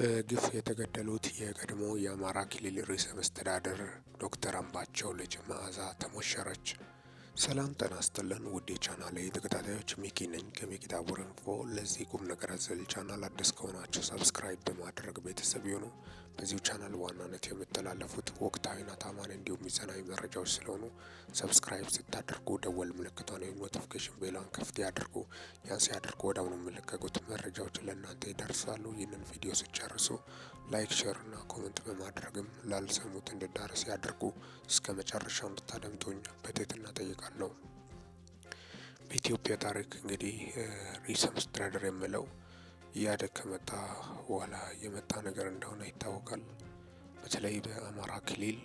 በግፍ የተገደሉት የቀድሞ የአማራ ክልል ርዕሰ መስተዳደር ዶክተር አምባቸው ልጅ መዓዛ ተሞሸረች። ሰላም ጤና ይስጥልን ውድ የቻናሌ ተከታታዮች ሚኪ ነኝ ከሚኪ ታቦር ኢንፎ። ለዚህ ቁም ነገር አዘል ቻናል አዲስ ከሆናችሁ ሰብስክራይብ በማድረግ ቤተሰብ ይሁኑ። በዚሁ ቻናል ዋናነት የሚተላለፉት ወቅታዊና ታማኝ እንዲሁም ሚዛናዊ መረጃዎች ስለሆኑ ሰብስክራይብ ስታደርጉ ደወል ምልክቷን ወይም ኖቲፊኬሽን ቤሏን ክፍት ያድርጉ። ያን ሲያደርጉ ወደ አሁኑ የሚለቀቁት መረጃዎች ለእናንተ ይደርሳሉ። ይህንን ቪዲዮ ስጨርሱ ላይክ፣ ሼር እና ኮመንት በማድረግም ላልሰሙት እንድዳረስ ያድርጉ። እስከ መጨረሻው እንድታደምጡኝ በትህትና ጠይቃል። ነው። በኢትዮጵያ ታሪክ እንግዲህ ርዕሰ መስተዳድር የምለው እያደግ ከመጣ በኋላ የመጣ ነገር እንደሆነ ይታወቃል። በተለይ በአማራ ክልል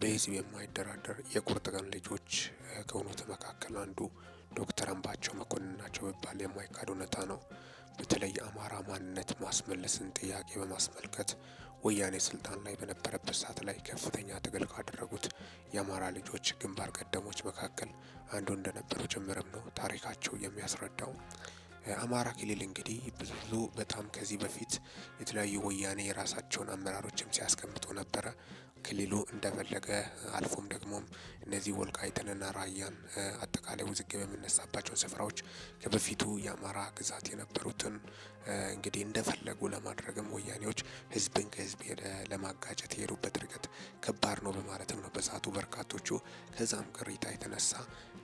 በህዝብ የማይደራደር የቁርጥ ቀን ልጆች ከሆኑት መካከል አንዱ ዶክተር አምባቸው መኮንን ናቸው ቢባል የማይካድ እውነታ ነው። በተለይ አማራ ማንነት ማስመለስን ጥያቄ በማስመልከት ወያኔ ስልጣን ላይ በነበረበት ሰዓት ላይ ከፍተኛ ትግል ካደረጉት የአማራ ልጆች ግንባር ቀደሞች መካከል አንዱ እንደነበሩ ጭምርም ነው ታሪካቸው የሚያስረዳው። አማራ ክልል እንግዲህ ብዙ በጣም ከዚህ በፊት የተለያዩ ወያኔ የራሳቸውን አመራሮችም ሲያስቀምጡ ነበረ። ክልሉ እንደፈለገ አልፎም ደግሞ እነዚህ ወልቃይትንና ራያን አጠቃላይ ውዝግብ የሚነሳባቸውን ስፍራዎች ከበፊቱ የአማራ ግዛት የነበሩትን እንግዲህ እንደፈለጉ ለማድረግም ወያኔዎች ህዝብን ከህዝብ ለማጋጨት የሄዱበት ርቀት ከባድ ነው በማለትም ነው በሰዓቱ በርካቶቹ ከዛም ቅሬታ የተነሳ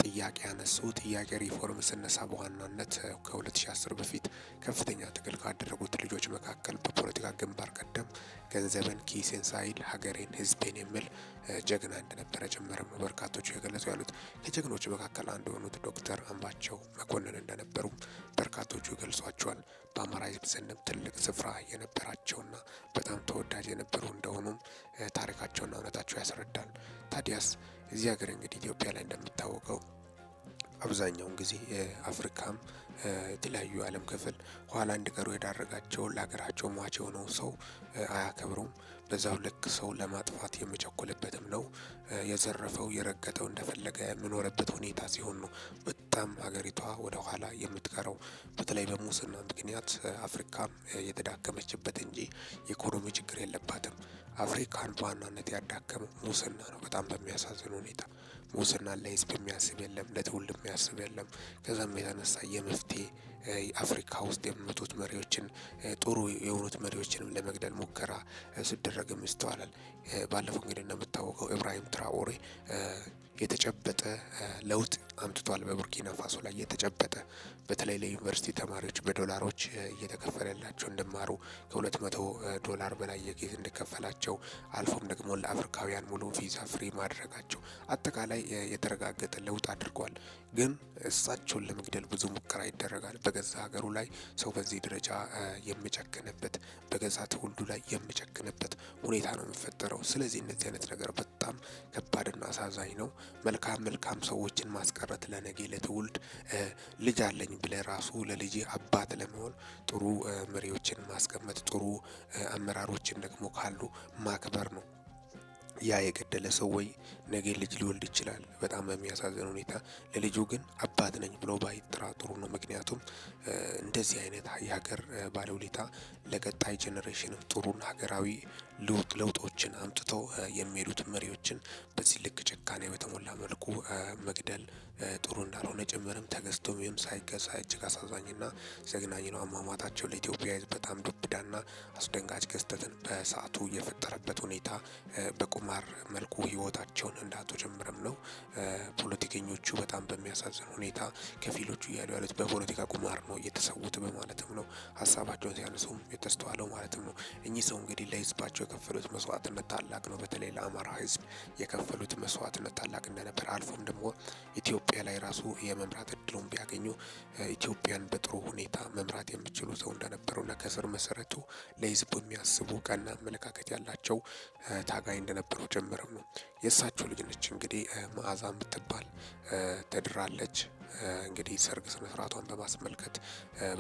ጥያቄ ያነሱ። ጥያቄ ሪፎርም ስነሳ በዋናነት ከ2010 በፊት ከፍተኛ ትግል ካደረጉት ልጆች መካከል በፖለቲካ ግንባር ቀደም ገንዘብን ኪሴን ሳይል ሀገሬን ህዝቤን የሚል ጀግና እንደነበረ ጭምርም በርካቶቹ የገለጹ ያሉት ከጀግኖች መካከል አንዱ የሆኑት ዶክተር አምባቸው መኮንን እንደነበሩ በርካቶቹ ይገልጿቸዋል። በአማራ ሕዝብ ዘንድም ትልቅ ስፍራ የነበራቸውና በጣም ተወዳጅ የነበሩ እንደሆኑም ታሪካቸውና እውነታቸው ያስረዳል። ታዲያስ እዚህ ሀገር እንግዲህ ኢትዮጵያ ላይ እንደሚታወቀው አብዛኛውን ጊዜ አፍሪካም የተለያዩ የዓለም ክፍል ኋላ እንዲቀሩ የዳረጋቸው ለሀገራቸው ሟች የሆነው ሰው አያከብሩም። በዛው ልክ ሰው ለማጥፋት የሚቸኩልበትም ነው። የዘረፈው የረገጠው እንደፈለገ የምኖረበት ሁኔታ ሲሆን ነው በጣም ሀገሪቷ ወደ ኋላ የምትቀረው። በተለይ በሙስና ምክንያት አፍሪካም የተዳከመችበት እንጂ የኢኮኖሚ ችግር የለባትም። አፍሪካን በዋናነት ያዳከመው ሙስና ነው በጣም በሚያሳዝን ሁኔታ ሙስና ለህዝብ የሚያስብ የለም፣ ለትውልድ የሚያስብ የለም። ከዛም የተነሳ የመፍትሄ አፍሪካ ውስጥ የሚመጡት መሪዎችን ጥሩ የሆኑት መሪዎችን ለመግደል ሙከራ ሲደረግም ይስተዋላል። ባለፈው እንግዲህ እንደምታወቀው ኢብራሂም ትራኦሬ የተጨበጠ ለውጥ አምጥቷል። በቡርኪና ፋሶ ላይ የተጨበጠ በተለይ ለዩኒቨርሲቲ ተማሪዎች በዶላሮች እየተከፈለላቸው እንዲማሩ ከ200 ዶላር በላይ የጌዝ እንዲከፈላቸው አልፎም ደግሞ ለአፍሪካውያን ሙሉ ቪዛ ፍሪ ማድረጋቸው አጠቃላይ የተረጋገጠ ለውጥ አድርጓል። ግን እሳቸውን ለመግደል ብዙ ሙከራ ይደረጋል። በገዛ ሀገሩ ላይ ሰው በዚህ ደረጃ የሚጨክንበት በገዛ ትውልዱ ላይ የሚጨክንበት ሁኔታ ነው የሚፈጠረው። ስለዚህ እነዚህ አይነት ነገር በጣም ከባድና አሳዛኝ ነው። መልካም መልካም ሰዎችን ማስቀረት ለነገ ለትውልድ ልጅ አለኝ ብለ ራሱ ለልጅ አባት ለመሆን ጥሩ መሪዎችን ማስቀመጥ ጥሩ አመራሮችን ደግሞ ካሉ ማክበር ነው። ያ የገደለ ሰው ወይ ነገ ልጅ ሊወልድ ይችላል። በጣም በሚያሳዝን ሁኔታ ለልጁ ግን አባት ነኝ ብሎ ባይጥራ ጥሩ ነው። ምክንያቱም እንደዚህ አይነት የሀገር ባለውለታ ለቀጣይ ጀኔሬሽንም ጥሩን ሀገራዊ ለውጦችን አምጥተው የሚሄዱት መሪዎችን በዚህ ልክ ጭካኔ በተሞላ መልኩ መግደል ጥሩ እንዳልሆነ ጭምርም ተገዝቶ ወይም ሳይገዛ እጅግ አሳዛኝና ዘግናኝ ነው። አሟሟታቸው ለኢትዮጵያ ሕዝብ በጣም ዱብዳና አስደንጋጭ ክስተትን በሰዓቱ የፈጠረበት ሁኔታ በቁማር መልኩ ህይወታቸውን እንዳጡ ጭምርም ነው። ፖለቲከኞቹ በጣም በሚያሳዝን ሁኔታ ከፊሎቹ እያሉ ያሉት በፖለቲካ ቁማር ነው የተሰዉት በማለትም ነው ሀሳባቸውን ሲያነሱም የተስተዋለው ማለትም ነው። እኚህ ሰው እንግዲህ ለህዝባቸው የከፈሉት መስዋዕትነት ታላቅ ነው። በተለይ ለአማራ ህዝብ የከፈሉት መስዋዕትነት ታላቅ እንደነበር አልፎም ደግሞ ኢትዮጵያ ላይ ራሱ የመምራት እድሉን ቢያገኙ ኢትዮጵያን በጥሩ ሁኔታ መምራት የሚችሉ ሰው እንደነበሩና ከስር መሰረቱ ለህዝቡ የሚያስቡ ቀና አመለካከት ያላቸው ታጋይ እንደነበሩ ጀምረም ነው። የእሳቸው ልጅ ነች እንግዲህ መዓዛ የምትባል ተድራለች። እንግዲህ ሰርግ ስነስርዓቷን በማስመልከት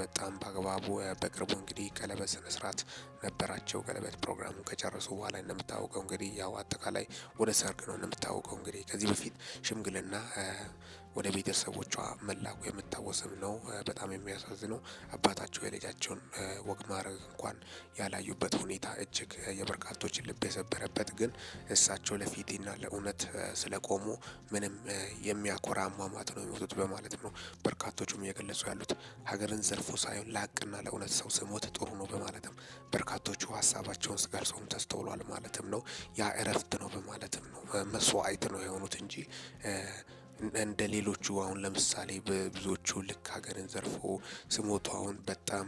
በጣም በአግባቡ በቅርቡ እንግዲህ ቀለበት ስነስርዓት ነበራቸው። ቀለበት ፕሮግራሙ ከጨረሱ በኋላ እንደምታወቀው እንግዲህ ያው አጠቃላይ ወደ ሰርግ ነው እንደምታወቀው እንግዲህ ከዚህ በፊት ሽምግልና ወደ ቤተሰቦቿ መላኩ የምታወስም ነው። በጣም የሚያሳዝነው አባታቸው የልጃቸውን ወግ ማድረግ እንኳን ያላዩበት ሁኔታ እጅግ የበርካቶችን ልብ የሰበረበት ግን እሳቸው ለፊቴና ለእውነት ስለቆሙ ምንም የሚያኮራ አሟሟት ነው የሚሞቱት በማለት ነው በርካቶቹም እየገለጹ ያሉት። ሀገርን ዘርፎ ሳይሆን ለሀቅና ለእውነት ሰው ስሞት ጥሩ ነው በማለትም በርካቶቹ ሀሳባቸውን ሲገልጹም ተስተውሏል። ማለትም ነው ያ እረፍት ነው በማለትም ነው መስዋዕት ነው የሆኑት እንጂ እንደ ሌሎቹ አሁን ለምሳሌ በብዙዎቹ ልክ ሀገርን ዘርፎ ስሞቱ አሁን በጣም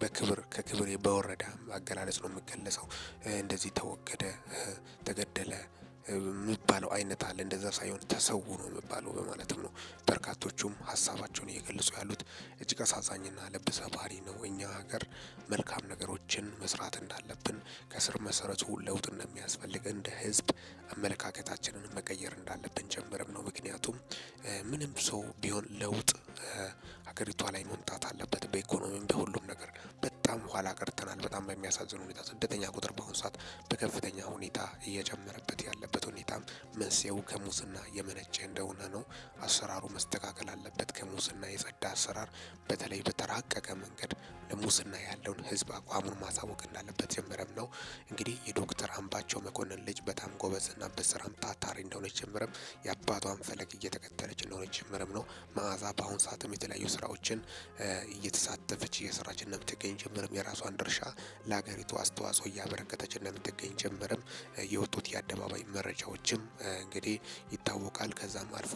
በክብር ከክብር በወረዳ አገላለጽ ነው የሚገለጸው። እንደዚህ ተወገደ፣ ተገደለ የሚባለው አይነት አለ። እንደዛ ሳይሆን ተሰውሮ የሚባለው በማለትም ነው በርካቶቹም ሀሳባቸውን እየገለጹ ያሉት። እጅግ አሳዛኝና ልብ ሰባሪ ነው። እኛ ሀገር መልካም ነገሮችን መስራት እንዳለብን ከስር መሰረቱ ለውጥ እንደሚያስፈልግ እንደ ህዝብ አመለካከታችንን መቀየር እንዳለብን ጀምርም ነው። ምክንያቱም ምንም ሰው ቢሆን ለውጥ ሀገሪቷ ላይ መምጣት አለበት፣ በኢኮኖሚም በሁሉም ነገር በጣም ኋላ ቀርተናል። በጣም በሚያሳዝን ሁኔታ ስደተኛ ቁጥር በአሁኑ ሰዓት በከፍተኛ ሁኔታ እየጨመረበት ያለበት ሁኔታ መንስኤው ከሙስና የመነጨ እንደሆነ ነው። አሰራሩ መስተካከል አለበት። ከሙስና የጸዳ አሰራር በተለይ በተራቀቀ መንገድ ለሙስና ያለውን ህዝብ አቋሙን ማሳወቅ እንዳለበት ጀምረም ነው። እንግዲህ የዶክተር አምባቸው መኮንን ልጅ በጣም ጎበዝና በስራም ታታሪ እንደሆነች ጀምረም የአባቷን ፈለግ እየተከተለች እንደሆነች ጀምረም ነው። መዓዛ በአሁኑ ሰዓትም የተለያዩ ስራዎችን እየተሳተፈች እየሰራች እንደምትገኝ ጀምረ ሀገርም የራሷን ድርሻ ለሀገሪቱ አስተዋጽኦ እያበረከተች እንደምትገኝ ጭምርም የወጡት የአደባባይ መረጃዎችም እንግዲህ ይታወቃል። ከዛም አልፎ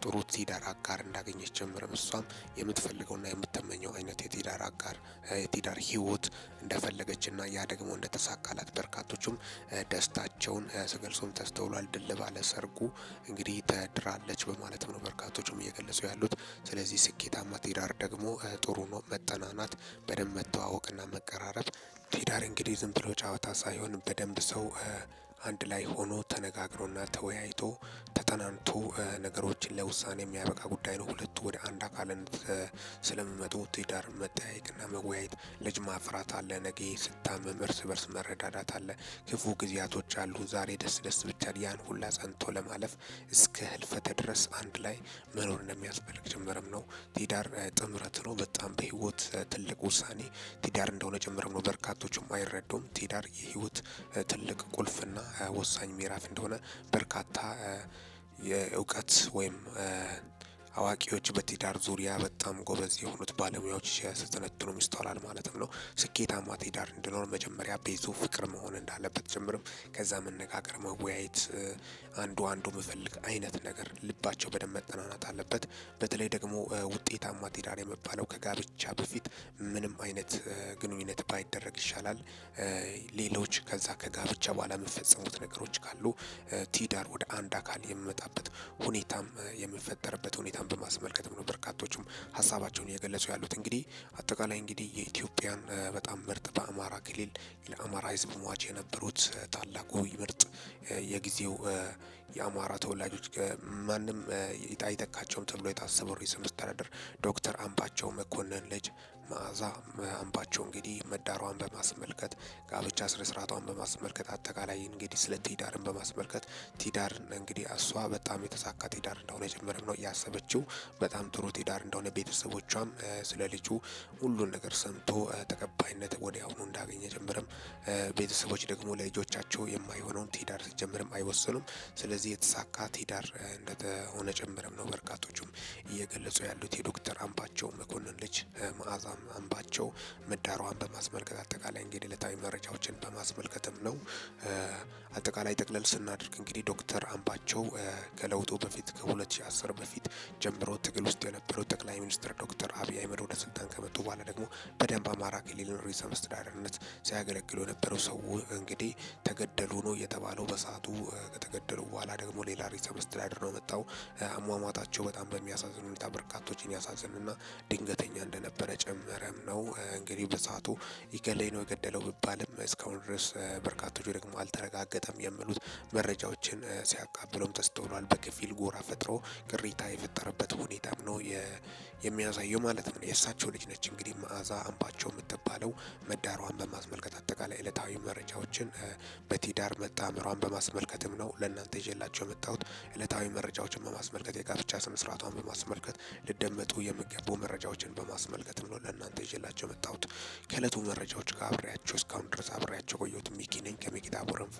ከጥሩ ትዳር አጋር እንዳገኘች ጭምርም እሷም የምትፈልገውና የምትመኘው አይነት የትዳር አጋር የትዳር ህይወት እንደፈለገችና ያ ደግሞ እንደተሳካላት በርካቶቹም ደስታቸውን ስገልጾም ተስተውሏል። ድል ባለ ሰርጉ እንግዲህ ተድራለች በማለትም ነው በርካቶቹም እየገለጹ ያሉት። ስለዚህ ስኬታማ ትዳር ደግሞ ጥሩ ነው መጠናናት በደንብ መተዋወቅና መቀራረብ ትዳር እንግዲህ ዝም ብሎ ጨዋታ ሳይሆን በደንብ ሰው አንድ ላይ ሆኖ ተነጋግሮና ተወያይቶ ተጠናንቶ ነገሮችን ለውሳኔ የሚያበቃ ጉዳይ ነው። ሁለቱ ወደ አንድ አካልነት ስለሚመጡ ትዳር መጠያየቅና መወያየት፣ ልጅ ማፍራት አለ፣ ነገ ስታመም እርስ በርስ መረዳዳት አለ። ክፉ ጊዜያቶች አሉ፣ ዛሬ ደስ ደስ ብቻ። ያን ሁላ ጸንቶ ለማለፍ እስከ ህልፈተ ድረስ አንድ ላይ መኖር እንደሚያስፈልግ ጭምርም ነው። ትዳር ጥምረት ነው። በጣም በህይወት ትልቅ ውሳኔ ትዳር እንደሆነ ጭምርም ነው። በርካቶችም አይረዱም። ትዳር የህይወት ትልቅ ቁልፍና ወሳኝ ምዕራፍ እንደሆነ በርካታ የእውቀት ወይም አዋቂዎች በትዳር ዙሪያ በጣም ጎበዝ የሆኑት ባለሙያዎች ሲያስተነትኑ ይስተዋላል ማለትም ነው። ስኬታማ ትዳር እንዲኖር መጀመሪያ ቤዙ ፍቅር መሆን እንዳለበት ጀምርም፣ ከዛ መነጋገር፣ መወያየት፣ አንዱ አንዱ መፈልግ አይነት ነገር ልባቸው በደንብ መጠናናት አለበት። በተለይ ደግሞ ውጤታማ ትዳር የሚባለው ከጋብቻ በፊት ምንም አይነት ግንኙነት ባይደረግ ይሻላል። ሌሎች ከዛ ከጋብቻ በኋላ የሚፈጸሙት ነገሮች ካሉ ትዳር ወደ አንድ አካል የሚመጣበት ሁኔታም የሚፈጠርበት ሁኔታ በማስመልከትም ነው በርካቶችም ሀሳባቸውን እየገለጹ ያሉት። እንግዲህ አጠቃላይ እንግዲህ የኢትዮጵያን በጣም ምርጥ በአማራ ክልል ለአማራ ህዝብ ሟች የነበሩት ታላቁ ምርጥ የጊዜው የአማራ ተወላጆች ማንም አይተካቸውም ተብሎ የታሰበው ርዕሰ መስተዳድር ዶክተር አምባቸው መኮንን ልጅ መዓዛ አምባቸው እንግዲህ መዳሯን በማስመልከት ጋብቻ ስነ ስርዓቷን በማስመልከት አጠቃላይ እንግዲህ ስለ ትዳርን በማስመልከት ትዳርን እንግዲህ እሷ በጣም የተሳካ ትዳር እንደሆነ ጭምርም ነው ያሰበችው። በጣም ጥሩ ትዳር እንደሆነ ቤተሰቦቿም ስለ ልጁ ሁሉን ነገር ሰምቶ ተቀባይነት ወዲያውኑ እንዳገኘ ጭምርም ቤተሰቦች ደግሞ ለልጆቻቸው የማይሆነውን ትዳር ሲጀምርም አይወስኑም። ስለ ስለዚህ የተሳካ ትዳር እንደሆነ ጭምርም ነው በርካቶቹም እየገለጹ ያሉት። የዶክተር አምባቸው መኮንን ልጅ መዓዛ አምባቸው መዳሯን በማስመልከት አጠቃላይ እንግዲህ ዕለታዊ መረጃዎችን በማስመልከትም ነው። አጠቃላይ ጠቅለል ስናደርግ እንግዲህ ዶክተር አምባቸው ከለውጡ በፊት ከ2010 በፊት ጀምሮ ትግል ውስጥ የነበረው ጠቅላይ ሚኒስትር ዶክተር አብይ አህመድ ወደ ስልጣን ከመጡ በኋላ ደግሞ በደንብ አማራ ክልል ርዕሰ መስተዳደርነት ሲያገለግሉ የነበረው ሰው እንግዲህ ተገደሉ ነው የተባለው። በሰዓቱ ከተገደሉ በኋላ በኋላ ደግሞ ሌላ ርዕሰ መስተዳድር ነው መጣው። አሟሟታቸው በጣም በሚያሳዝን ሁኔታ በርካቶችን ያሳዝንና ድንገተኛ እንደነበረ ጨመረም ነው። እንግዲህ በሰዓቱ ይገለይ ነው የገደለው ቢባልም እስካሁን ድረስ በርካቶች ደግሞ አልተረጋገጠም የሚሉት መረጃዎችን ሲያቃብለውም ተስተውሏል። በከፊል ጎራ ፈጥሮ ቅሬታ የፈጠረበት ሁኔታም ነው የሚያሳየው ማለት ነው። የእሳቸው ልጅ ነች እንግዲህ መዓዛ አምባቸው የምትባለው መዳሯን በማስመልከት አጠቃላይ እለታዊ መረጃዎችን በትዳር መጣምሯን በማስመልከትም ነው ለእናንተ ይዤላቸው የመጣሁት። እለታዊ መረጃዎችን በማስመልከት የጋብቻ ስነስርዓቷን በማስመልከት ልደመጡ የሚገቡ መረጃዎችን በማስመልከትም ነው ለእናንተ ይዤላቸው የመጣሁት። ከእለቱ መረጃዎች ጋር አብሬያቸው እስካሁን ድረስ አብሬያቸው ቆየሁት። ሚኪ ነኝ ከሚኪታ ቦረንፎ።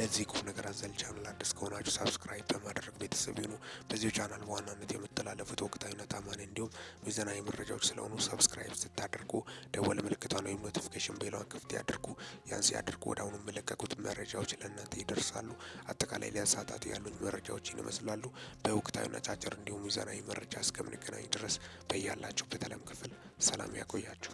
ለዚህ ቁም ነገር አዘል ቻናል አዲስ ከሆናችሁ ሳብስክራይብ በማድረግ ቤተሰብ ይሁኑ። በዚሁ ቻናል በዋናነት የምተላለፉት ወቅታዊና ታማኝ እንዲሁም ሚዛናዊ መረጃዎች ስለሆኑ ሰብስክራይብ ስታደርጉ ደወል ምልክቷን ወይም ኖቲፊኬሽን ቤሏን ክፍት ያድርጉ። ያንስ ያድርጉ። ወደ አሁኑ የሚለቀቁት መረጃዎች ለእናንተ ይደርሳሉ። አጠቃላይ ለሰዓታቱ ያሉኝ መረጃዎች ይመስላሉ። በወቅታዊና ጫጭር እንዲሁም ሚዛናዊ መረጃ እስከምንገናኝ ድረስ በያላችሁ በተለም ክፍል ሰላም ያቆያችሁ።